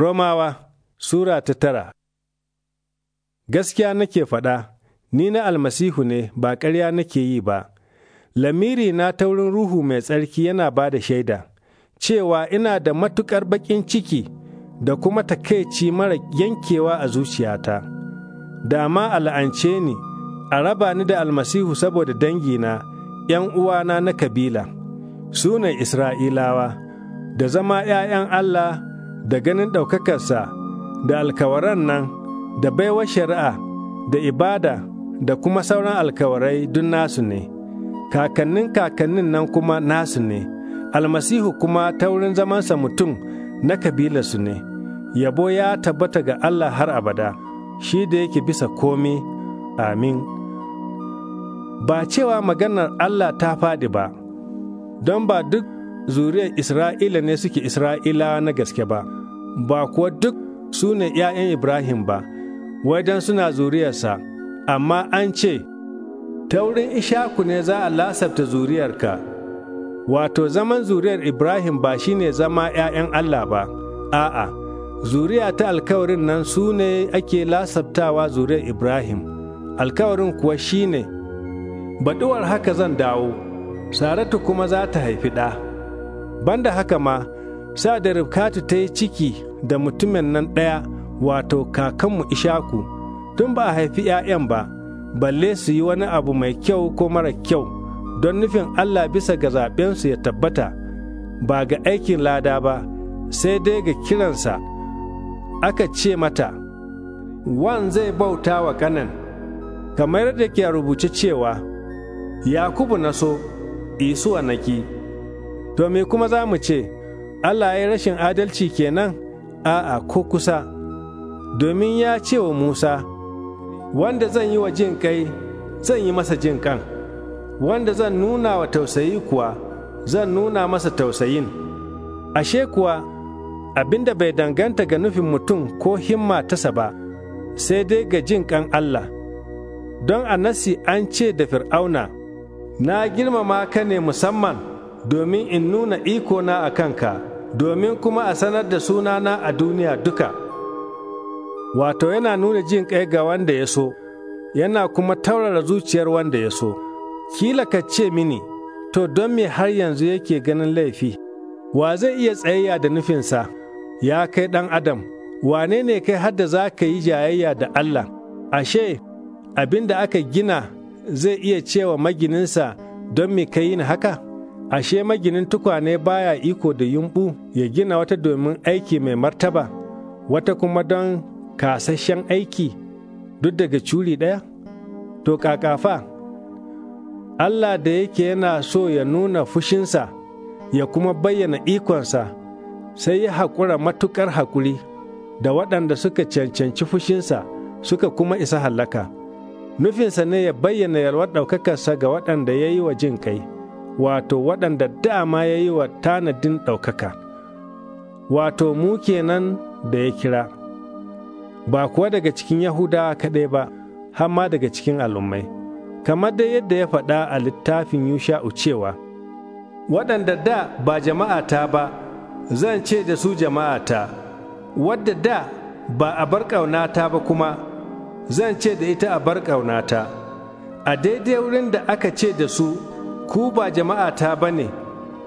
Romawa Sura ta tara Gaskiya nake faɗa, ni na almasihu ne ba ƙarya nake yi ba, lamiri na ta wurin Ruhu mai tsarki yana ba da shaida, cewa ina da matuƙar baƙin ciki da kuma takaici mara yankewa a zuciyata. Dama ma al'ance ni, a raba ni da almasihu saboda dangina, ‘yan uwana na kabila, sunan Isra'ilawa, da zama ‘ya'yan Allah. da ganin ɗaukakarsa da alkawaran nan da baiwar shari'a da ibada da kuma sauran alkawarai dun nasu ne kakannin kakannin nan kuma nasu ne almasihu kuma ta wurin zamansa mutum na kabilarsu ne yabo ya tabbata ga Allah har abada shi da yake bisa komi amin ba cewa maganar Allah ta faɗi ba don ba duk zuriyar Isra'ila ne suke Isra'ila na gaske ba. ba kuwa duk su ne ’ya'yan Ibrahim ba, wajen suna zuriyarsa, amma an ce, ta wurin Ishaku ne za a lasafta zuriyarka, wato zaman zuriyar Ibrahim ba shi ne zama ’ya'yan Allah ba, a'a, zuriya ta alkawarin nan su ne ake lasaftawa zuriyar Ibrahim, alkawarin kuwa shi ne, baɗuwar haka zan dawo, Saratu kuma za ta haifi ɗa, banda haka ma. sa da rifkatu ta yi ciki da mutumin nan ɗaya wato kakanmu ishaku tun ba a haifi ‘ya'yan ba balle su yi wani abu mai kyau ko mara kyau don nufin Allah bisa ga zaɓensu ya tabbata ba ga aikin lada ba sai dai ga kiransa aka ce mata wan zai bauta wa kanan kamar da ke rubuce cewa yakubu na so isuwa naki to me kuma za mu ce Allah ya rashin adalci kenan a'a ko kusa, domin ya ce wa Musa, Wanda zan yi wa jin kai, zan yi masa jin kan, wanda zan nuna wa tausayi kuwa, zan nuna masa tausayin. Ashe kuwa, abinda bai danganta ga nufin mutum ko himma tasa ba, sai dai ga jin kan Allah. Don a nasi an ce da Fir'auna, Na girmama ka ne musamman domin in nuna ikona a kanka. domin kuma a sanar da sunana a duniya duka. Wato yana nuna jin ƙai ga wanda ya so, yana kuma taurara zuciyar wanda ya so. Kila ka ce mini, to don me har yanzu yake ganin laifi, wa zai iya tsayayya da nufinsa, ya kai ɗan Adam, wane ne kai hadda za ka yi jayayya da Allah, ashe, abin da aka gina zai iya cewa magininsa don me ka yi haka? ashe maginin tukwane baya iko da yumɓu ya gina wata domin aiki mai martaba, wata kuma don kasashen aiki duk daga curi ɗaya? To kakafa Allah da yake yana so ya nuna fushinsa ya kuma bayyana ikonsa sai ya haƙura matuƙar haƙuri da waɗanda suka cancanci fushinsa suka kuma isa hallaka. Nufinsa ne ya bayyana yalwar ɗaukakarsa ga waɗanda ya yi wa jin kai. wato waɗanda dama ya yi wa tanadin ɗaukaka, wato mu kenan da ya kira, ba kuwa daga cikin Yahudawa kaɗai ba, hamma daga cikin al'ummai, kamar da yadda ya faɗa a littafin Yusha'u cewa, waɗanda da ba jama'ata ba, zan ce da su jama'ata, wadda da ba a bar ƙaunata ba kuma, zan ce da ita a bar ƙaunata, a daidai wurin da aka ce da su ku ba jama'a ta ba ne,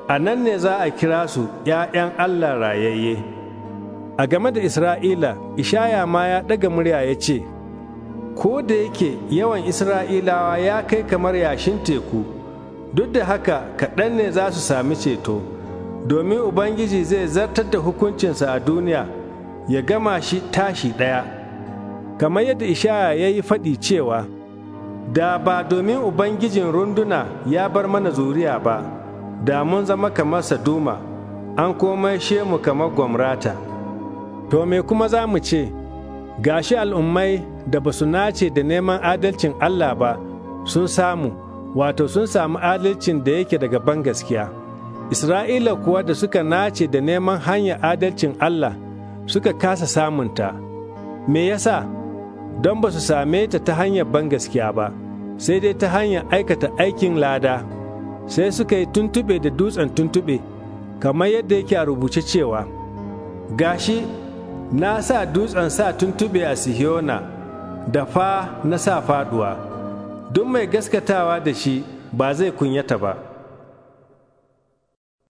a nan ne za a kira su ‘ya'yan Allah rayayye. A game da Isra'ila, Ishaya ma ya ɗaga murya ya ce, Ko da yake yawan Isra'ilawa ya kai kamar yashin teku, duk da haka kaɗan ne za su sami ceto, domin Ubangiji zai zartar da hukuncinsa a duniya, ya gama shi tashi ɗaya. Kamar yadda Ishaya ya yi faɗi cewa, da ba domin ubangijin runduna ya bar mana zuriya ba da mun zama kamar saduma an komai shemu kamar gwamrata to me kuma za mu ce gashi al'ummai da ba su nace da neman adalcin allah ba sun samu wato sun samu adalcin da yake daga ban gaskiya isra'ila kuwa da suka nace da neman hanyar adalcin allah suka kasa samunta me yasa don ba su same ta ta hanyar ban gaskiya ba sai dai ta hanyar aikata aikin lada sai suka yi tuntuɓe da dutsen tuntuɓe kamar yadda yake a rubuce cewa gashi na sa dutsen sa tuntuɓe a sihiyona da fa na sa faduwa duk mai gaskatawa da shi ba zai kunyata ba